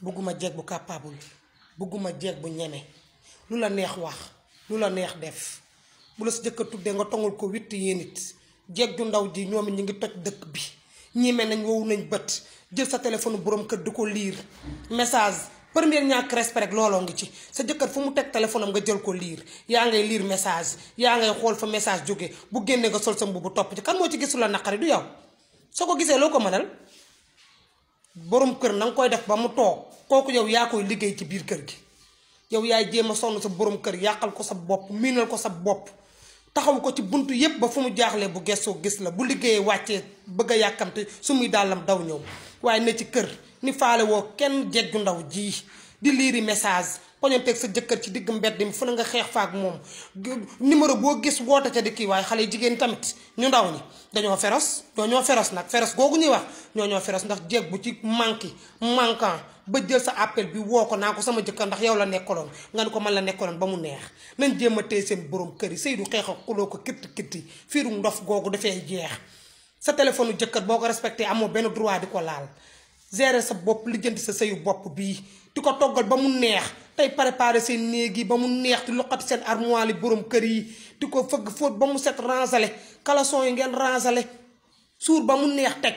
bëgguma jeeg bu capable bëgguma jeeg bu ñeme lu la neex wax lu la neex def bu la sa jëkkër tuddee nga tongul ko witt yéen it jeeg ju ndaw ji ñoom ñu ngi toj dëkk bi ñii mel nañ wow nañ bët jël sa téléphone borom kër du ko liir message première ñàkk respect rek looloo ngi ci sa jëkkër fu mu teg téléphone nga jël ko liir yaa ngay liir message yaa ngay xool fa message jóge bu génnee nga sol sa mbubb topp ci kan moo ci gisul la naqari du yow soo ko gisee borom kër na nga koy def ba mu toog kooku yow yaa koy liggéey ci biir kër gi yow yaay jéem a sonn sa borom kër yàqal ko sa bopp miinal ko sa bopp taxaw ko ci bunt yépp ba fu mu jaaxlee bu gestoo gis la bu liggéeyee wàccee bëgg a yàkkamte su muy dàllam daw ñëw waaye ne ci kër ni faale woo kenn jeggu ndaw ji di liiri message koñanteeg sa jëkkër ci digg mbedd mi fu la nga xeex faak moom numéro boo gis woote ca di kii waaye xale yi jigéen tamit ñu ndaw ñi dañoo féroce ñoo ñoo féroce nag féroce googu ñuy wax ñoo ñoo féroce ndax jeeg bu ci manqué manquant ba jël sa appel bi woo ko naa ko sama jëkkër ndax yow la nekkaloon nga ni ko man la nekkaloon ba mu neex nañ jéem a téye seen borom kër yi sëy du xeex ak kuloo ko kitti kitti fiiru ndox googu dafay jeex sa téléphone jëkkër boo ko respecté amoo benn droit di ko laal gérer sa bopp lijjanti sa sëyu bopp bii di ko toggal ba mu neex tey préparer seen néeg yi ba mu neex di loqati seen armoire yi borom kër yi di ko fëgg fóot ba mu set ransale caleçon yi ngeen ransale suur ba mu neex teg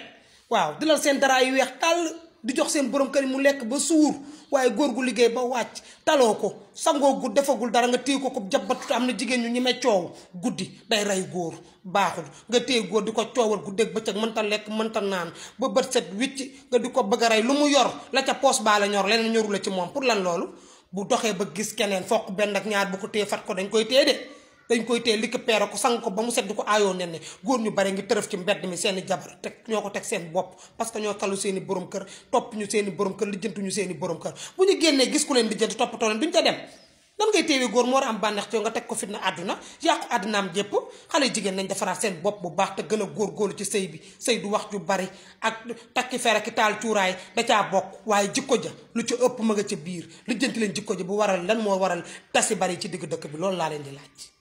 waaw di lal seen dara yu weex tàll di jox seen borom kër yi mu lekk ba suur waaye góor gu liggéey ba wàcc taloo ko sangoo gu defagul dara nga téye ko ko jabatut am na jigéen ñu ñi may coow guddi day rey góor baaxul nga téye góor di ko coowal guddeeg bëccëg mënta lekk mënta naan ba bët set wicc nga di ko bëgg rey lu mu yor la ca poos baa la ñor leneen ñoru la ci moom pour lan loolu bu doxee ba gis keneen foq benn ak ñaar bu ko téye fat ko dañ koy téye de dañ koy téye li ko peere ko sang ko ba mu set di ko aayoo nen ne góor ñu bare ngi tërëf ci mbedd mi seeni jabar teg ñoo ko teg seen bopp parce que ñoo talu seeni borom kër topp ñu seeni borom kër lijjantuñu seeni borom kër bu ñu génnee gis ku leen lijjanti toppatoo leen duñ ca dem góor moo war a am bànneex ci nga teg ko fitna àdduna yàqu àddunaam jépp xale jigéen nañ defaraat seen bopp bu baax te gën a góorgóorlu ci sëy bi sëy du wax ju bari ak takki fere ki taal cuuraay da caa bokk waaye jikko ja lu ci ëpp ma nga ca biir lijjanti leen jikko ja bu waral lan moo waral tasi bari ci digg dëkk bi loolu laa leen di laaj